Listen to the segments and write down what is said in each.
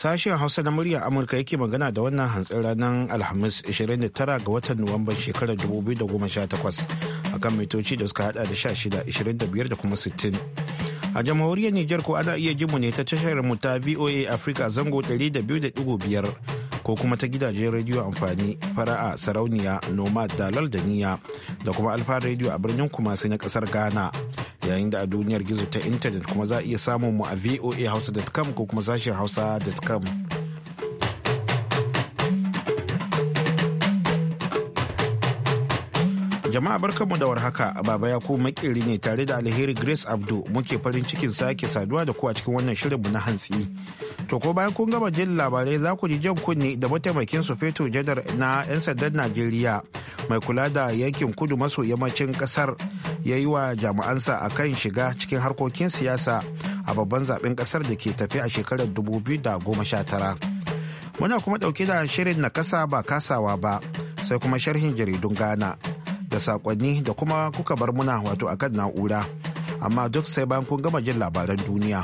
Sashen Hausa na muryar Amurka yake magana da wannan hantsin ranar Alhamis 29 ga watan Nuwamban shekarar 2018 a kan mitoci da suka hada da 16, 25 da kuma 60. A jamhuriyar Nijar ko ana iya jimu ne ta tashar mu ta VOA Africa zango 200.5 ko kuma ta gidajen rediyo amfani fara'a sarauniya nomad dalal da niya da kuma alfa radio a birnin kumasi na kasar Ghana. yayin da a duniyar gizo ta intanet kuma za a iya samun mu a voa hausa.com ko kuma sashen hausa.com Jama'a mu da warhaka Baba ya makiri ne tare da alheri Grace Abdu muke farin cikin sake saduwa da ku a cikin wannan shirinmu na hantsi. To ko bayan kun gama jin labarai za ku ji jan kunne da mataimakin su feto jadar na 'yan sandan Najeriya mai kula da yankin kudu maso yammacin kasar ya yi wa jami'ansa a kan shiga cikin harkokin siyasa a babban zaben kasar da ke tafi a shekarar dubu biyu da goma sha tara Muna kuma ɗauke da shirin na kasa ba kasawa ba sai kuma sharhin jaridun Ghana da sakonni da kuma kuka bar muna wato a kan na'ura amma duk sai bayan kun gama jin labaran duniya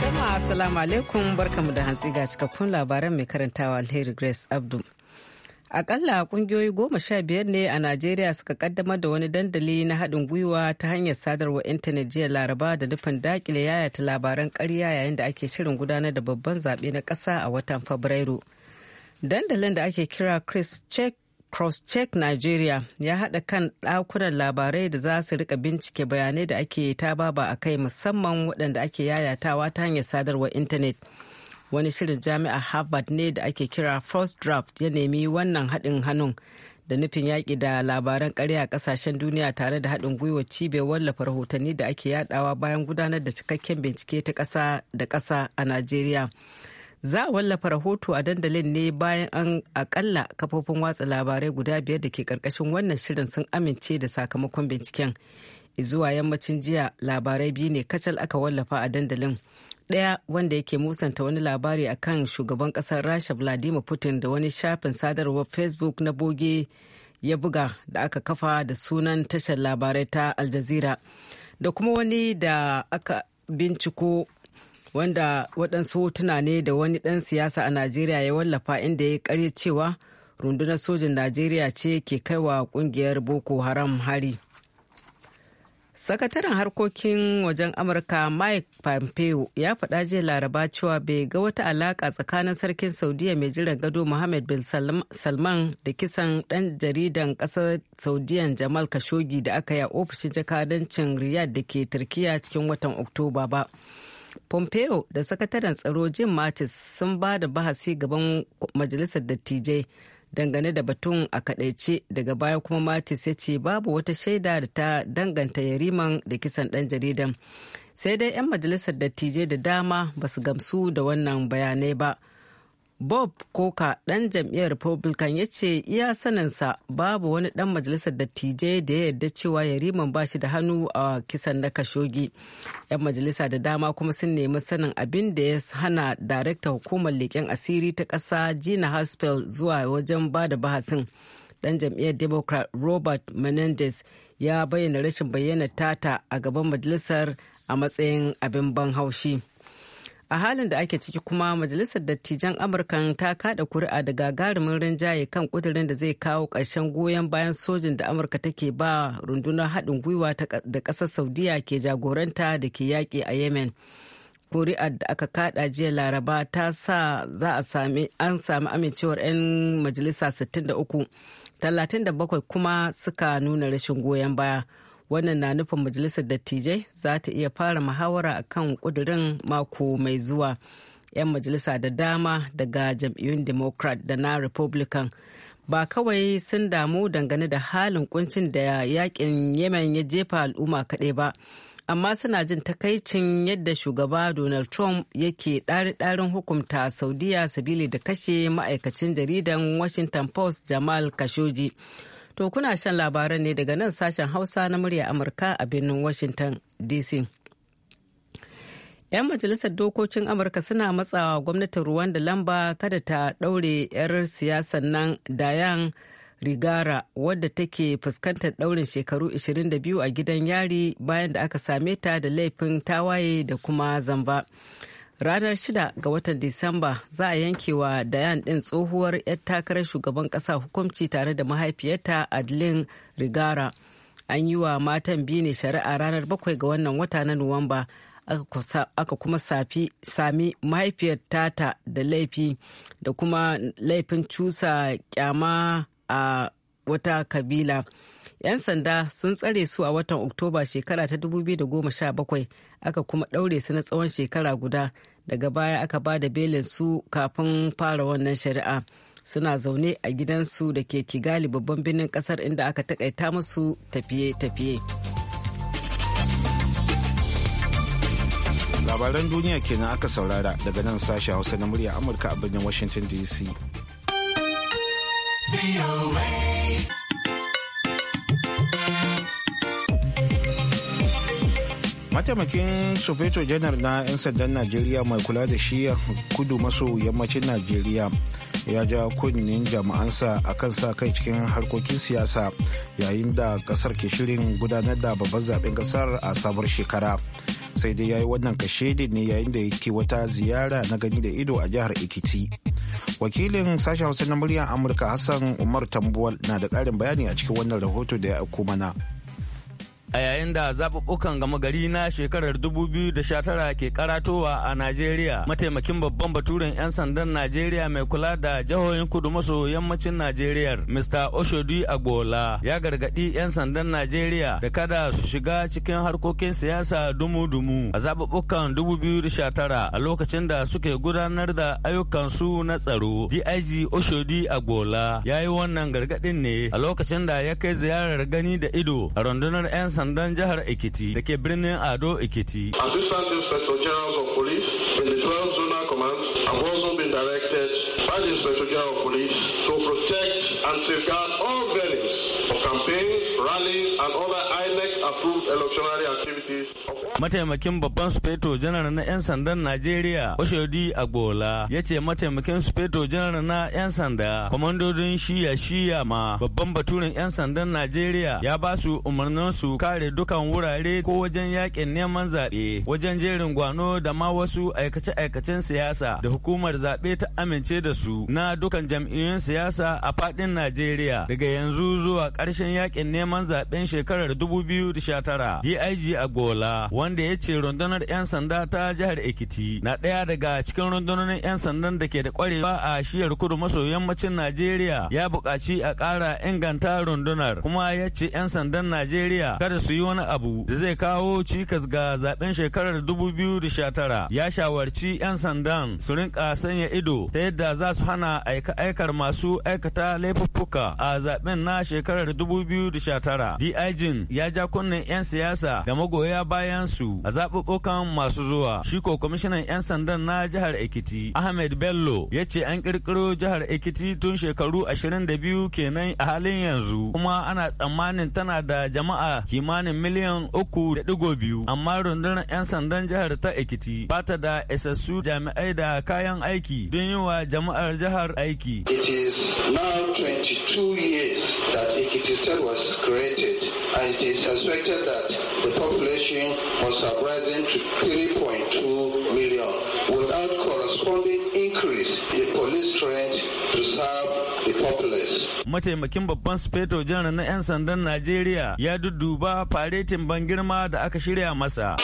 jama'a assalamu alaikum barkamu da hantsi ga cikakkun labaran mai karantawa alheri grace abdu akalla kungiyoyi goma sha biyar ne a najeriya suka kaddamar da wani dandali na haɗin gwiwa ta hanyar sadarwa intanet jiya laraba da nufin dakile yayata labaran ƙarya yayin da ake shirin gudanar da babban zaɓe na ƙasa a watan fabrairu Dandalin da ake kira Chris Check Crosscheck Nigeria ya hada kan dakunan labarai da za su rika bincike bayanai da ake tababa a kai musamman waɗanda ake yayatawa ta hanyar sadarwar intanet. Wani shirin jami'a Harvard ne da ake kira First Draft ya nemi wannan haɗin hannun da nufin yaƙi da labaran ƙarya a ƙasashen duniya tare da haɗin gwiwa cibiyar wallafa rahotanni da ake yadawa bayan gudanar da cikakken bincike ta ƙasa da ƙasa a Najeriya. za a wallafa rahoto a dandalin ne bayan an akalla kafofin watsa labarai guda biyar da ke karkashin wannan shirin sun amince da sakamakon binciken zuwa yammacin jiya labarai biyu ne kacal aka wallafa a dandalin ɗaya wanda yake musanta wani labari akan shugaban ƙasar rasha vladimir putin da wani shafin sadarwar facebook na boge ya buga da aka kafa da sunan tashar labarai ta al da kuma wani da aka binciko wanda waɗansu hotuna ne da wani ɗan siyasa a najeriya ya wallafa inda ya karya cewa rundunar sojin najeriya ce ke kaiwa ƙungiyar boko haram hari sakataren harkokin wajen amurka mike pompeo ya faɗa jiya laraba cewa bai ga wata alaƙa tsakanin sarkin saudiya mai jiran gado mohammed bin salman da kisan ɗan jaridan ƙasar saudiyan jamal khashoggi da aka yi a ofishin jakadancin riyadh da ke turkiyya cikin watan oktoba ba. pompeo da sakataren tsaro jim mattis sun ba da bahasi gaban majalisar dattijai dangane da batun a kadaice daga baya kuma mattis ya ce babu wata shaida da ta danganta yariman da kisan dan jaridan sai dai 'yan majalisar dattijai da dama ba su gamsu da wannan bayanai ba. Bob Koka ɗan jam'iyyar Republican ya ce iya saninsa babu wani ɗan majalisar dattijai da ya yarda cewa yariman ba shi da hannu a kisan na kashogi. 'Yan majalisa da dama kuma sun nemi sanin abin da ya hana darakta hukumar leƙen asiri ta ƙasa Gina Haspel zuwa wajen ba da bahasin. Ɗan jam'iyyar Democrat Robert Menendez ya bayyana rashin bayyana tata a gaban majalisar a matsayin abin ban haushi. a halin da ake ciki kuma majalisar dattijan amurkan ta kada kuri'a da gagarumin rinjaye kan kudirin da zai kawo ƙarshen goyon bayan sojin da amurka take ba rundunar haɗin gwiwa da ƙasar saudiya ke jagoranta da ke yaƙi a yemen kuri'a da aka kada jiya laraba ta sa za a sami an sami amincewar 'yan majalisa 63 37 kuma suka nuna rashin goyon baya wannan na nufin majalisar dattijai za ta iya fara muhawara a kan kudurin mako mai zuwa 'yan majalisa da dama daga jam'iyyun democrat da na republican ba kawai sun damu dangane da halin kuncin da yakin yemen ya jefa al'umma kaɗai ba amma suna jin takaicin yadda shugaba donald trump yake ɗari-ɗarin hukunta saudiya sabili da kashe ma'aikacin jaridan washington post jamal khashoggi To kuna shan labaran ne daga nan sashen Hausa na murya Amurka a birnin Washington DC. 'Yan majalisar dokokin Amurka suna matsawa gwamnatin ruwan da lamba kada ta ɗaure 'yar siyasan nan Dayan Rigara wadda take fuskantar ɗaurin shekaru 22 a gidan yari bayan da aka same ta da laifin tawaye da kuma zamba. ranar 6 ga watan disamba za a yanke wa dayan ɗin tsohuwar 'yar takarar shugaban ƙasa hukunci tare da mahaifiyarta adeline rigara an yi wa matan biyu ne shari'a ranar 7 ga wannan wata na nuwamba aka kuma safi sami mahaifiyar tata da laifi da kuma laifin cusa kyama a wata kabila 'Yan sanda sun tsare su a watan Oktoba shekara ta 2017 aka kuma ɗaure su na tsawon shekara guda daga baya aka ba da belin su kafin fara wannan shari'a. Suna zaune a gidansu da ke Kigali babban birnin kasar inda aka takaita musu tafiye-tafiye. Labaran duniya kenan aka saurara daga nan sashen Hausa na murya Amurka a birnin Washington DC. mataimakin sufeto janar na 'yan sandan najeriya mai kula da shiya kudu maso yammacin najeriya ya ja kunnin jama'ansa a kan sa kai cikin harkokin siyasa yayin da kasar ke shirin gudanar da babban zaben kasar a sabar shekara sai dai ya yi wannan kashedin ne yayin da yake wata ziyara na gani da ido a jihar ekiti wakilin sashen hausa na muryar amurka hassan umar tambuwal na da ƙarin bayani a cikin wannan rahoto da ya aiko mana a yayin da zaɓuɓɓukan gama gari na shekarar 2019 ke karatowa a Najeriya. Mataimakin babban baturen 'yan sandan Najeriya mai kula da jihohin kudu maso yammacin Najeriya, Mr. Oshodi Agbola, ya gargaɗi 'yan sandan Najeriya da kada su shiga cikin harkokin siyasa dumu-dumu a zaɓuɓɓukan 2019 a lokacin da suke gudanar da ayyukan su na tsaro. DIG Oshodi Agbola ya yi wannan gargaɗin ne a lokacin da ya kai ziyarar gani da ido a rundunar 'yan sandan jihar Ekiti da ke birnin Ado Ekiti. Assistant Inspector General of Police in the 12 Zonal Commands have also been directed by the Inspector General of Police to protect and safeguard mataimakin babban sufeto janar na 'yan sandan najeriya oshodi agbola ya ce mataimakin sufeto janar na 'yan sanda kwamandodin shiya shiya ma babban baturin 'yan sandan najeriya ya ba su umarnin su kare dukan wurare ko wajen yakin neman zaɓe wajen jerin gwano da ma wasu aikace-aikacen siyasa da hukumar zaɓe ta amince da su na dukan jam'iyyun siyasa a faɗin najeriya daga yanzu zuwa ƙarshen yakin neman zaɓen shekarar 2019 dig agbola wanda ya ce rundunar 'yan sanda ta jihar Ekiti na ɗaya daga cikin rundunonin 'yan sandan da ke da kwarewa a shiyar kudu maso yammacin Najeriya ya buƙaci a ƙara inganta rundunar kuma ya ce 'yan sandan Najeriya kada su yi wani abu da zai kawo cikas ga zaben shekarar 2019 ya shawarci 'yan sandan su rinka sanya ido ta yadda za su hana aika-aikar masu aikata laifuffuka a zaben na shekarar 2019. DIJin ya ja kunnen 'yan siyasa da magoya bayan su a zaɓuɓɓukan masu zuwa. Shi ko kwamishinan 'yan sandan na jihar Ekiti Ahmed Bello ya ce an ƙirƙiro jihar Ekiti tun shekaru 22 kenan a halin yanzu kuma ana tsammanin tana da jama'a kimanin miliyan uku da digo biyu amma rundunar 'yan sandan jihar ta Ekiti ba ta da isassu jami'ai da kayan aiki don yi wa jama'ar jihar aiki. It is now 22 years that Ekiti State was created and it is suspected that the population was surprising to 3.2 million without corresponding increase in police strength to serve the populace. Mataimakin babban sufeto janar na 'yan sandan Najeriya ya dudduba faretin ban girma da aka shirya masa.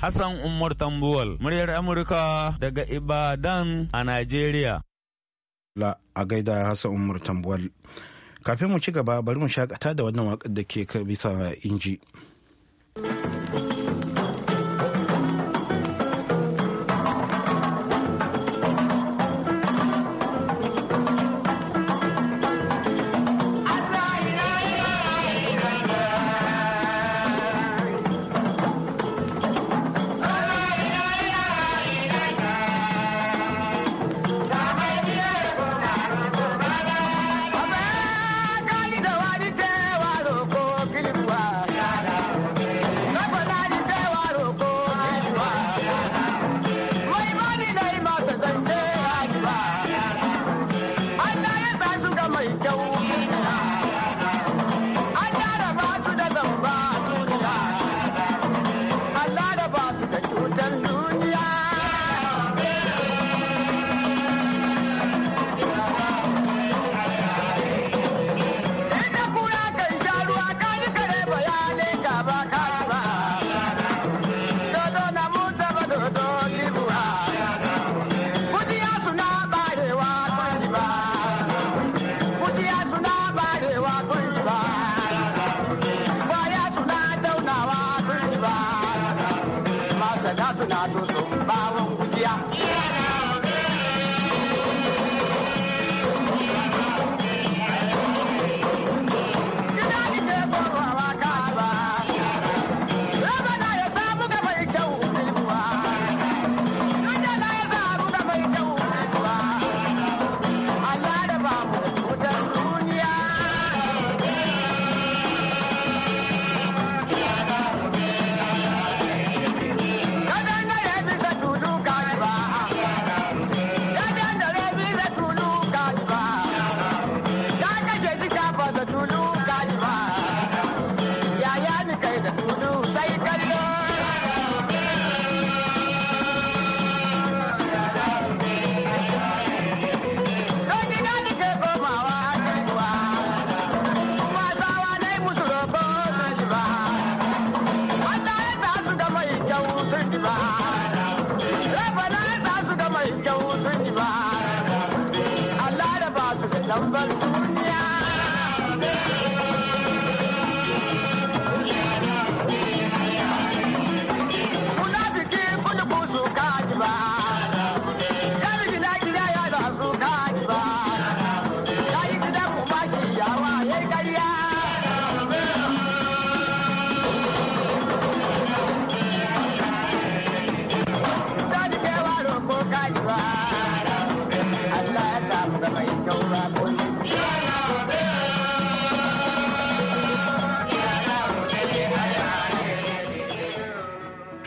Hassan Umar Tambuwal, muryar Amurka daga Ibadan a Najeriya. La a gaida Hassan Umar Tambuwal. Kafin mu ci gaba bari mu shakata da wannan waƙar da ke bisa inji.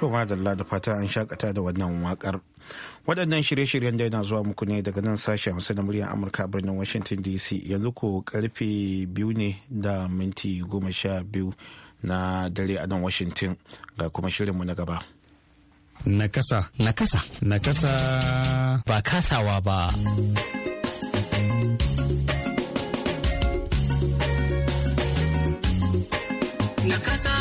To madalla da fata an shakata da wannan wakar. Waɗannan shirye-shiryen da yana zuwa muku ne daga nan sashen Hausa na muryar Amurka birnin Washington DC yanzu ko karfe biyu ne da minti goma sha biyu na dare a nan Washington ga kuma shirinmu na gaba. Nakasa. Nakasa. Nakasa. Ba kasawa ba. Nakasa.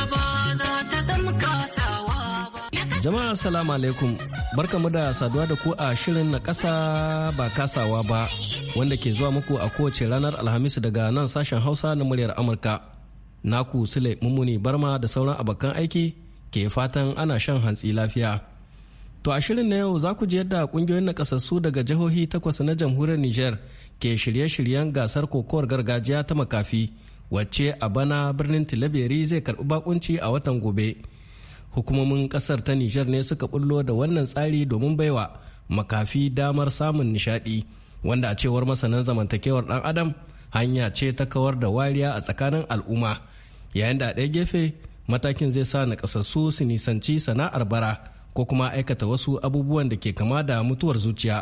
Jama'a salamu alaikum barkamu da saduwa da ku a shirin na kasa ba kasawa ba wanda ke zuwa muku a kowace ranar Alhamis daga nan sashen Hausa na muryar Amurka. Naku Sule Mummuni Barma da sauran abokan aiki ke fatan ana shan hantsi lafiya. To a shirin na yau za ku ji yadda kungiyoyin nakasassu daga jihohi takwas na jamhuriyar Nijar ke shirye-shiryen gasar kokowar gargajiya ta makafi wacce a bana birnin Tilaberi zai karbi bakunci a watan gobe. hukumomin kasar ta nijar ne suka bullo da wannan tsari domin baiwa makafi damar samun nishadi wanda a cewar masanan zamantakewar dan adam hanya ce ta kawar da wariya a tsakanin al'umma yayin da a ɗaya gefe matakin zai sa na su nisanci sana'ar bara ko kuma aikata wasu abubuwan da ke kama da mutuwar zuciya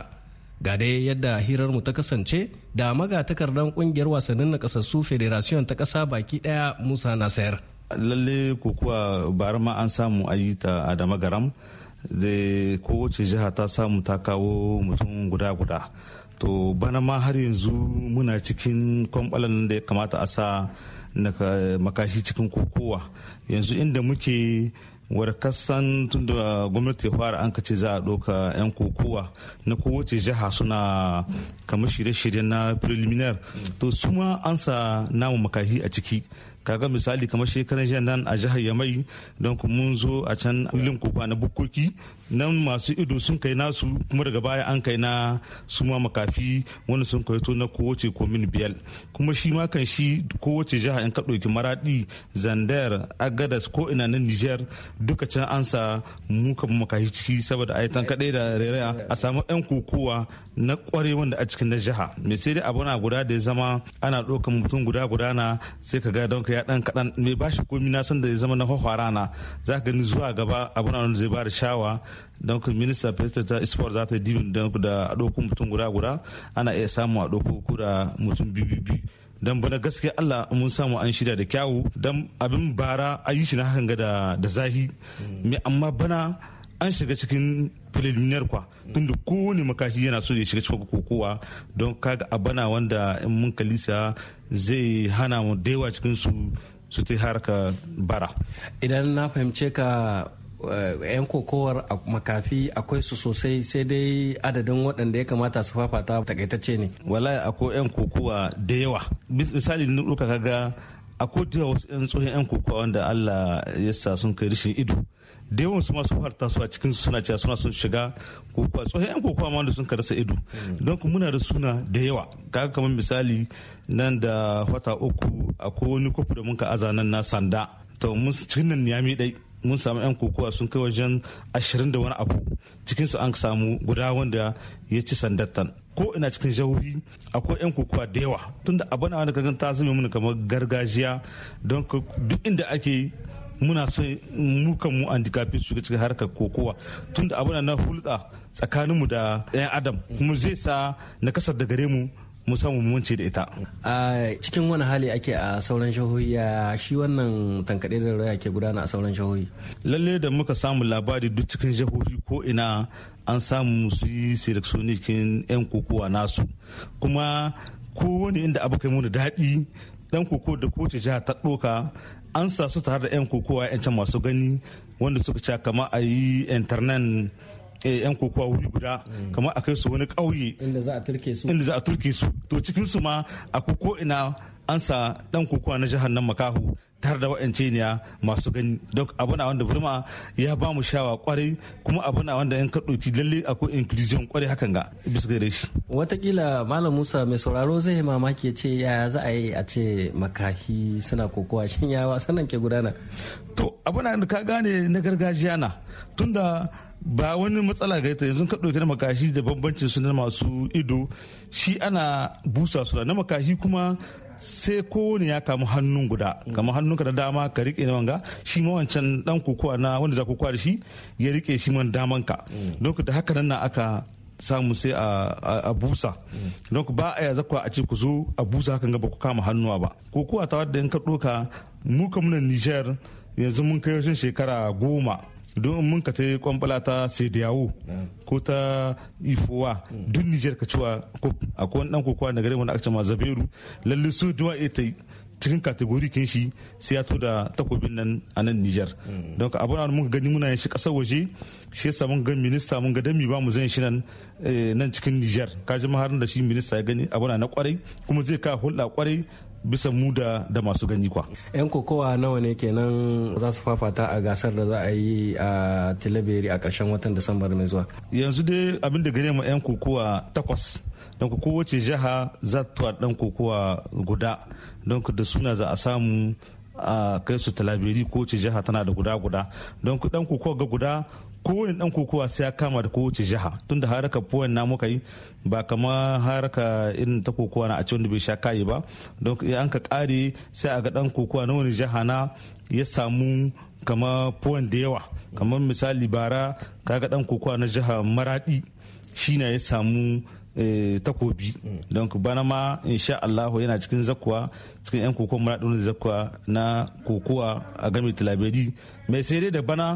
ga dai yadda hirar mu ta kasance da magatakardan kungiyar wasannin na kasassu federation ta kasa baki daya musa nasayar lalle kokuwa bara ma an samu ayi ta a dama garam da kowace jiha ta samu ta kawo mutum guda guda to bana ma har yanzu muna cikin kwambalan da ya kamata a sa na makashi cikin kokowa yanzu inda muke warkasan tun da gwamnati ya fara an ce za a ɗauka 'yan kokowa na kowace jiha suna kamar shirye-shirye na preliminar to suma ansa an sa namu makahi a ciki kaga misali kamar shekaran jiya nan a jihar yamai don ku mun zo a can wilin kofa na bukkoki nan masu ido sun kai nasu kuma daga baya an kai na su ma makafi wani sun kai to na kowace komin biyal kuma shi ma kan shi kowace jiha in ka ɗauki maraɗi zandar agadas ko ina na niger duka can an sa mu kan makafi ciki saboda a yi tankaɗe da rairaya a samu yan kokowa na ƙware wanda a cikin na jiha me sai dai abu na guda da ya zama ana ɗaukan mutum guda guda na sai ka ga don ka ya ɗan kaɗan mai bashi komi na san da ya zama na hwara na za ka gani zuwa gaba abu na wanda zai ba da shawa donc minista president ta sport za ta yi dibin donc da ɗauko mutum guda guda ana iya samu a ɗauko kura mutum biyu dan bana gaskiya Allah mun samu an shirya da kyawu dan abin bara a yi shi na hakan ga da zahi amma bana an shiga cikin preliminary kwa tun da kowane makashi yana so ya shiga cikin kokowa don kaga a bana wanda in mun kalisa zai hana mu da cikin su su ta harka bara idan na fahimce ka Eh, 'yan kokowar makafi akwai su sosai sai dai adadin waɗanda ya kamata su fafata takaitacce ne wallahi akwai 'yan kokowa da yawa misali nuka kaga akwai da wasu 'yan tsohon 'yan kokowa wanda allah ya sa sun kai rishin ido da yawan su masu fara tasowa cikin suna cewa suna sun shiga kokowa tsohon 'yan kokowa ma wanda sun karasa ido mm. don kuma muna da suna da yawa kaga kamar misali nan da wata uku akwai wani kofi da mun ka aza nan na sanda to mun cikin nan ya mi dai mun samu 'yan kokowa sun kai wajen ashirin da wani abu cikinsu an samu guda wanda ya ci sandattan ko ina cikin jahohi akwai 'yan kokowa da yawa tunda abu wani kagan ta zama mun kamar gargajiya don duk inda ake muna so mu kan mu an dikafi su cikin harkar kokowa tunda abu na hulɗa tsakaninmu da 'yan adam kuma zai sa na kasar da gare mu mu samu mun da ita. A cikin wani hali ake a sauran shahohi ya shi wannan tankaɗe da raya ke gudana a sauran shahohi. Lalle da muka samu labari duk cikin shahohi ko ina an samu su yi seleksoni cikin 'yan kokowa nasu. Kuma kowane inda abu kai muna daɗi ɗan koko da kowace jiha ta ɗoka an sa su tare da 'yan kokowa 'yan can masu gani wanda suka ca kama a yi internet Eh, yan kokowa wuri guda mm. kamar a kai su wani ƙauye inda za a turke su to cikin su ma a ko ina an sa dan kokowa na jihar nan makahu tar da wa'ance ne masu gani don abu na wanda burma ya ba mu shawa kwarai kuma abu na wanda yan ka lalle akwai inclusion kwarai hakan ga bisa gare shi watakila malam musa mai sauraro zai yi mamaki ya ce ya za a yi a ce makahi suna kokowa shin ya wasan nan ke gudana to abu na da ka gane na gargajiya na tunda ba wani matsala ga ita yanzu ka ɗauki na makashi da bambancin su na masu ido shi ana busa su na makashi kuma sai kowane ya kamu hannun guda kamar hannunka da dama ka rike na wanga shi ma wancan dan kokowa na wanda za kokowa da shi ya rike shi man ka. Mm. ka da haka nan aka samu sai a busa mm. don ba a yaza a ce ku zo a busa hakan ba ku kama hannuwa ba kokowa ta wadda in ka ɗoka mu kamunan niger yanzu mun kai wajen shekara goma don mun ka ta kwambala ta sediyawo ko ta ifowa duk nijar ka cewa a wani dan kokowa na gare wani aka mazaberu ma lalle su duwa ta cikin kategori kin shi sai ya to da takobin nan a nan nijiyar mm. Don abu na muka gani muna yin shi kasar waje shi yasa mun ga minista mun ga dami ba mu zan shi nan eh, nan cikin nijiyar Ka ji maharin da shi minista ya gani abu na kwarai kuma zai ka hulɗa kwarai bisa mu da masu gani kwa. 'Yan kokowa nawa ne kenan za su fafata a gasar da za a yi a Tilaberi a ƙarshen watan Disambar mai zuwa. Yanzu dai abin da gare ma 'yan kokowa takwas. kokowa kowace jiha za ta ɗan kokowa guda. Don da suna za a samu a kai su talabiri ko ce jiha tana da guda guda don ku dan kokowa ga guda kowane dan kokowa sai ya kama da kowace jiha tunda haraka puwan na muka yi ba kama haraka irin ta kokowa na a ci wanda bai sha kayi ba don an ka kare sai a ga dan kokowa na wani jiha na ya samu kama puwan da yawa kamar misali bara ga dan kokowa na jiha maradi shi na ya samu eh, takobi don bana ma insha Allahu yana cikin zakuwa cikin 'yan kokowa na zakuwa na kokowa a game talabedi mai sai dai da bana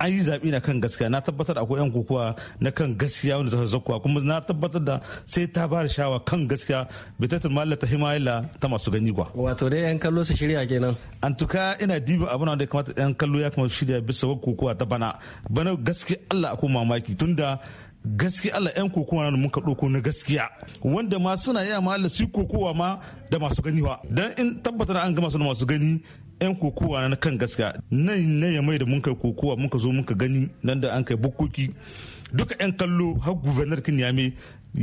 an yi zaɓe na kan gaskiya na tabbatar akwai 'yan kokowa na kan gaskiya wanda zaka zakuwa kuma na tabbatar da sai ta ba da shawa kan gaskiya ta malla ta himayila ta masu gani gwa wato dai 'yan kallo su shirya kenan an tuka ina dibin abin da ya kamata 'yan kallo ya kamata shirya bisa kokowa ta bana bana gaskiya Allah akwai mamaki tunda gaskiya Allah 'yan kokowa na muka ɗauko na gaskiya wanda ma suna yi amma su kokowa ma da masu ganiwa dan in tabbatar an gama su da masu gani 'yan kokowa na kan gaska nan ne ya mai da mun kai kokowa muka zo muka gani nan da an kai bukkoki duka 'yan kallo har gubernar kinyame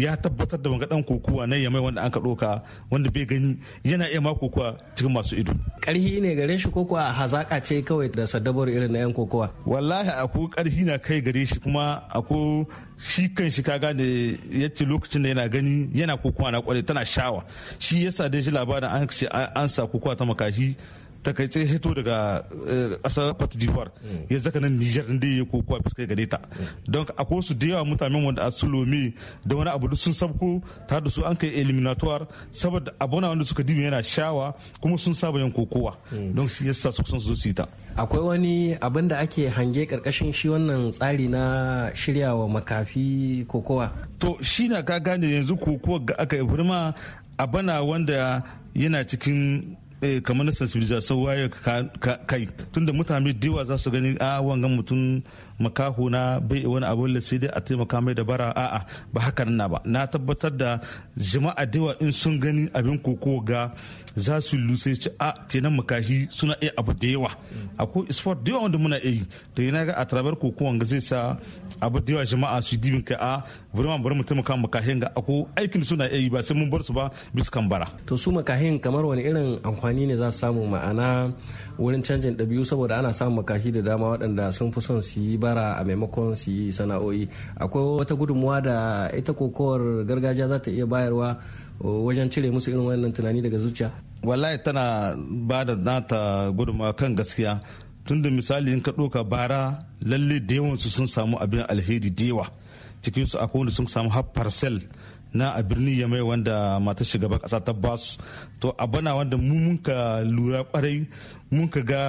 ya tabbatar da magadan kokowa nan ya mai wanda an ka doka wanda bai gani yana iya ma kokowa cikin masu ido karhi ne gare shi ko a hazaka ce kawai da sadabar irin na 'yan kokowa wallahi akwai karhi na kai gare shi kuma ako shi kan shi kaga da ya ce lokacin da yana gani yana kokowa na kwarai tana shawa shi yasa da shi labarin an sa kokowa ta makashi takaice hito daga eh, ƙasar Cote d'Ivoire mm. ya zaka nan Niger da ya kokowa fuska gare ta mm. don akwai su da yawa mutanen wanda a Sulomi da wani abu sun sabko ta da su an kai eliminatoire saboda abona wanda suka dibi yana shawa kuma sun saba yin kokowa mm. don shi yasa su son su su ta akwai wani abin da ake hange karkashin shi wannan tsari na shiryawa makafi kokowa to shi na ka gane yanzu kokowa ga aka yi a bana wanda yana cikin Eh, kamar na sensibilization waye kai tunda mutane diwa za su gani a ah, wangan mutum makahu na bai wani abu da sai dai a taimaka mai da bara a'a ba haka na ba na tabbatar da jama'a da in sun gani abin koko ga za su lusa ci a kenan makashi suna iya abu da yawa akwai sport da yawa wanda muna yi to yana ga a tarabar koko ga zai sa abu da yawa jama'a su dibin ka a bari bari mu taimaka makahin ga ako aikin suna iya yi ba sai mun bar su ba bisa kan bara to su makahin kamar wani irin amfani ne za su samu ma'ana wurin canjin ɗabi'u saboda ana samun makashi da dama waɗanda sun fi son su yi bara a maimakon su yi sana'o'i akwai wata gudunmuwa da ita kokowar gargajiya za ta iya bayarwa uh, wajen cire musu irin wannan tunani daga zuciya wallahi tana ba da nata gudunmuwa kan gaskiya tunda misali in ka ɗauka bara lalle da yawansu sun samu abin alheri da yawa cikinsu akwai wanda sun samu har parcel na a birnin yamai wanda mata ba kasa ta basu to abana wanda mu ka lura kwarai ka ga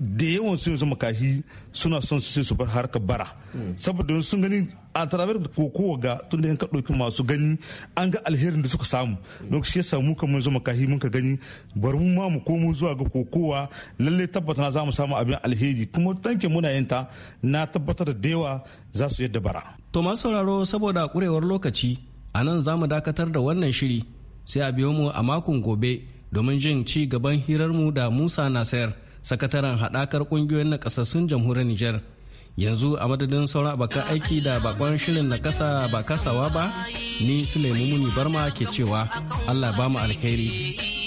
da yawan su yanzu makashi suna son su su bar harkar bara saboda sun gani a tarabar da kokowa ga da yan ɗauki masu gani an ga alherin da suka samu lokaci shi samu kamar yanzu makahi mun ka gani bar mu ma mu komo zuwa ga kokowa lalle tabbata na za mu samu abin alheri kuma tanke muna yin ta na tabbatar da dewa za su yadda bara to masu sauraro saboda kurewar lokaci a nan za mu dakatar da wannan shiri sai a biyo mu a makon gobe domin jin ci gaban hirarmu da musa nasir sakataren haɗakar ƙungiyoyin nakasassun jamhuriyar nijar yanzu a madadin sauran abokan aiki da bakon shirin na kasa ba kasawa ba ni sulaimu muni barma ke cewa allah ba mu alheri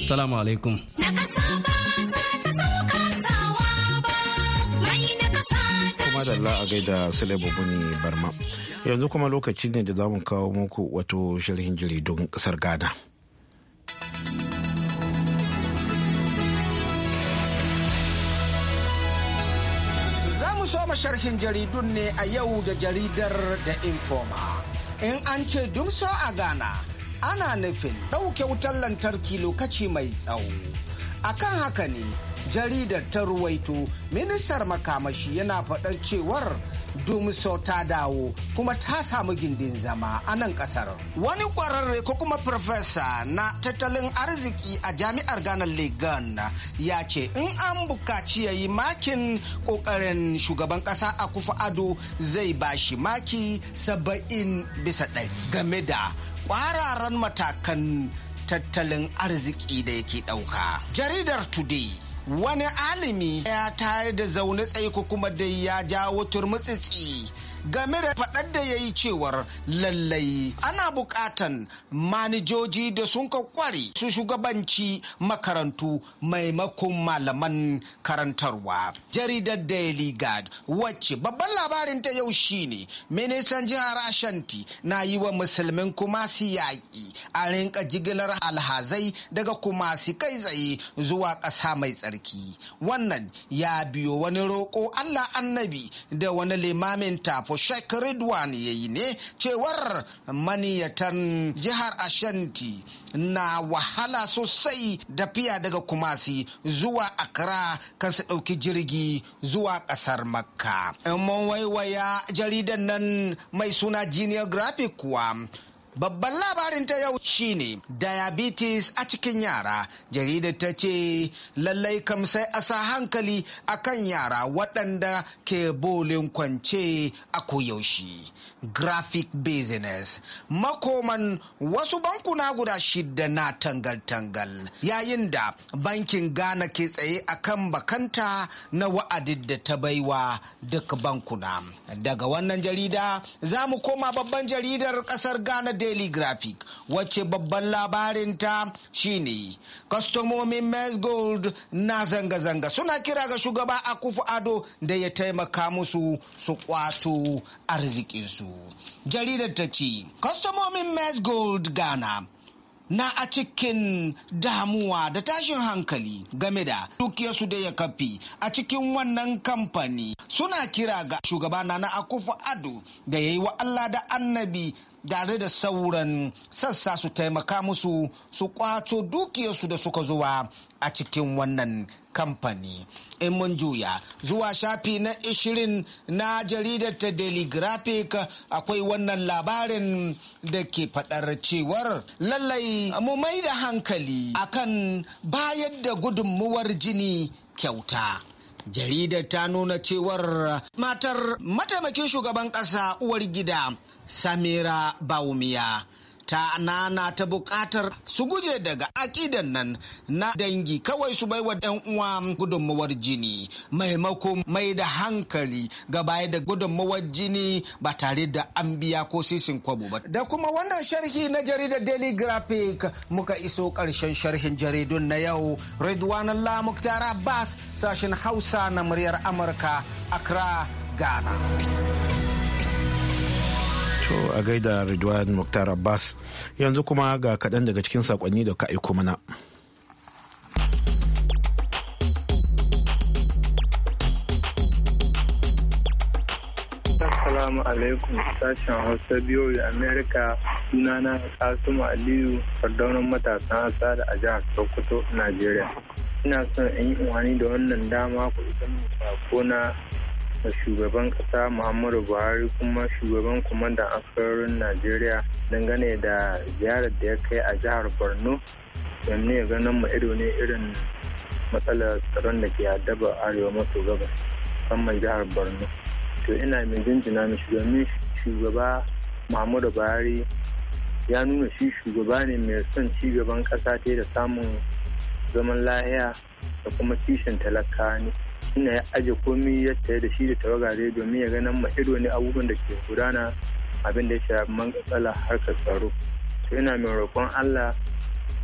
salamu alaikum kuma da Allah a gaida Sule Buni Barma. Yanzu kuma lokaci ne da zamu kawo muku wato sharhin jaridun kasar Ghana. Za mu soma sharhin jaridun ne a yau da jaridar da Informa. In an ce dumso a Ghana, ana nufin ɗauke wutar lantarki lokaci mai tsawo. Akan haka ne, jaridar ta ruwaito ministar makamashi yana faɗar cewar Dumiso ta dawo kuma ta samu gindin zama a nan kasar. Wani ƙwararre ko kuma farfesa na tattalin arziki a jami'ar Ghana legan ya ce in an bukaci ya yi makin ƙoƙarin shugaban ƙasa a kufa ado zai ba shi maki saba'in bisa ɗari game da kwararan matakan tattalin arziki da yake ɗauka. Jaridar Today wani alimi ya tayar da zaune tsaye kuma dai ya jawo turmutsitsi game da faɗar da ya yi cewar lallai ana buƙatan manijoji da sun kware su shugabanci makarantu maimakon malaman karantarwa. Jaridar Daily Guard wacce babban labarin ta yau shine ministan jihar Ashanti na yi wa musulmin kumasi yaƙi a rinka jigilar alhazai daga kumasi kai tsaye zuwa ƙasa mai tsarki. Wannan ya biyo wani roƙo Allah annabi da wani limamin tafi Sheik Ridwan ya yi ne cewar maniyatan jihar Ashanti na wahala sosai da fiya daga Kumasi zuwa Accra kan su ɗauki jirgi zuwa ƙasar Makka. In mun waiwaya jaridan nan mai suna Geneographic kuwa Babban labarin ta yau shine diabetes a cikin yara. Jaridar ta ce lallai kam sai a sa hankali akan yara waɗanda ke bolin kwance a koyaushe. graphic business makoman wasu bankuna guda shida na tangal-tangal yayin da bankin ghana ke tsaye a kan bakanta na wa'adi da ta baiwa duk bankuna daga wannan jarida za mu koma babban jaridar kasar ghana daily graphic wacce babban labarin labarinta shine kwastomomin mess gold na zanga-zanga suna kira ga shugaba akufu ado da ya taimaka musu su kwato arzikinsu jaridar ta ce kwastomomin mass gold ghana na a cikin damuwa da tashin hankali game da dukiyarsu da ya kafi a cikin wannan kamfani suna kira ga shugaba na akufu ado da ya yi wa allah da annabi tare da sauran sassa su taimaka musu su kwato dukiyarsu da suka zuwa a cikin wannan kamfani in mun juya zuwa shafi na ishirin na jaridar ta daily graphic akwai wannan labarin da ke fadar cewar lallai mu mai da hankali akan bayar da gudunmuwar jini kyauta jaridar ta nuna cewar matar mataimakin shugaban ƙasa uwar gida samira baumiya ta nana ta buƙatar su guje daga aƙidan nan na dangi kawai su baiwa yan uwa gudunmawar jini maimakon mai da hankali ga baya da gudunmawar jini ba tare da an biya ko sisin kwabo ba da kuma wannan sharhi na jaridar daily graphic muka iso karshen sharhin jaridun na yau redwan allah muktar abbas sashen hausa na muryar amurka accra ghana To a gaida Ridwan Muktar Abbas yanzu kuma ga kaɗan daga cikin saƙonni da ka aiko mana. Assalamu alaikum sashen Hausa biyoyi Amerika sunana Kasimu Aliyu fardaunan matasan hasa da a jihar Sokoto, Najeriya. Ina son in yi umarni da wannan dama ku isa sako na da shugaban kasa muhammadu buhari kuma shugaban kwamandan askarorin najeriya dangane da ziyarar da ya kai a jihar borno yanzu ya ganin mu ido ne irin matsalar tsaron da ke addaba arewa maso gabas musamman jihar borno to ina mai jinjina mai shugaban shugaba muhammadu buhari ya nuna shi shugaba ne mai son cigaban ƙasa ta da samun zaman lahiya da kuma kishin talaka ne ina ya aje komi ya tsaye da shi da tawagare domin ya ganin ma ido ne abubuwan da ke gudana abin da ya shafi matsala harkar tsaro to ina mai roƙon allah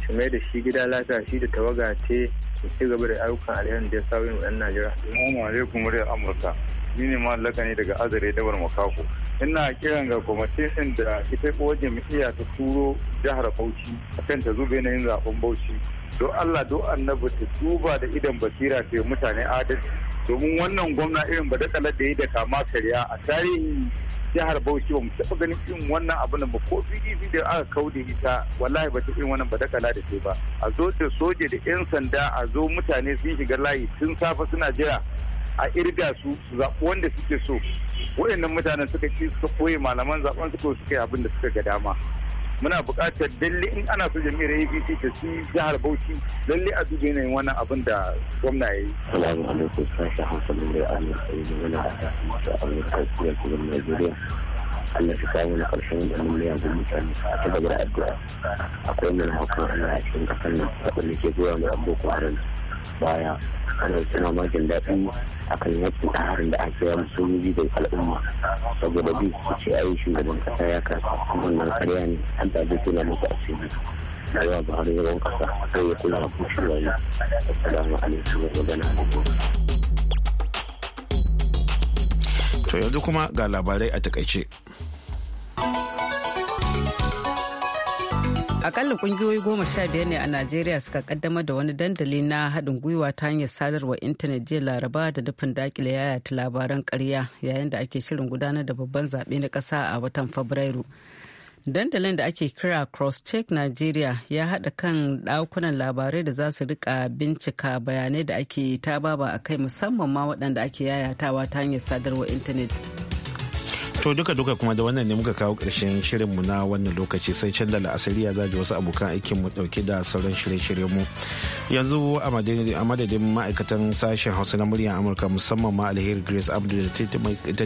su mai da shi gida lafiya shi da tawaga ce su ci gaba da ayyukan alheri da ya sa yin ɗan najeriya. assalamu alaikum muryar amurka ni ne mallaka ne daga azare dabar makako ina kiran ga kwamitin ɗin da ita ko iya ta turo jihar bauchi akan ta zube yin zaɓen bauchi don Allah don annabi ta duba da idan basira ta mutane adalci domin wannan gwamna irin ba dakalar da yi da kama karya a tarihin jihar Bauchi ba mu taɓa ganin irin wannan abin ba ko PDP da aka kaude ita wallahi ba ta irin wannan ba da ce ba a zo da soja da 'yan sanda a zo mutane sun shiga layi tun safe suna jira a irga su su zaɓi wanda suke so wa'annan mutanen suka ci suka koye malaman zaɓen suka suka yi abin da suka ga dama muna buƙatar dalle in ana so jami'ar abc ta ci jihar bauchi lalle a duba yanayin wani abin da gwamna ya yi. salamu alaikum sashi hausa mun da ana sai da wani a da amurka siyar da nigeria allah shi kawo na ƙarshen da mun liya mutane a ta gaba da addu'a akwai nan hakan ana cikin ƙasar nan abin da ke zuwa da abubuwan harin baya ana suna majin daɗi a kan a harin da ake yawan yi da al'umma saboda bi su ce a yi shugaban kasa ya kasa kuma na karya ne an da zai tuna musu cikin da yawa ba har yawan kasa sai ya kula da kushe wani assalamu alaikum wa magana to yanzu kuma ga labarai a takaice akalla kungiyoyi goma sha biyar ne a najeriya suka kaddamar da wani dandali na haɗin gwiwa ta hanyar sadarwa intanet jiya laraba da nufin dakile yayata labaran karya yayin da ake shirin gudanar da babban zaɓe na ƙasa a watan fabrairu dandalin da ake kira cross check nigeria ya haɗa kan ɗakunan labarai da za su rika bincika bayanai da ake ta baba a kai musamman ma waɗanda ake yayatawa ta hanyar sadarwa intanet To duka-duka kuma da wannan ne muka kawo ƙarshen shirinmu na wannan lokaci sai can da la'asari ya zaji wasu abokan mu dauke da sauran shirye-shiryenmu. Yanzu a madadin ma'aikatan sashen Hausa na muryar Amurka musamman ma alheri Grace Abdul ta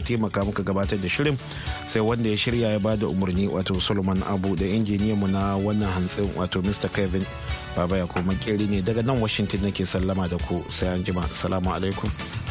taimaka muka gabatar da shirin sai wanda ya shirya ya bada umarni wato Solomon Abu da mu na wannan hantsin wato Mr. Kevin Baba ya koma ne daga nan Washington nake sallama da ku sai an jima. Salamu alaikum.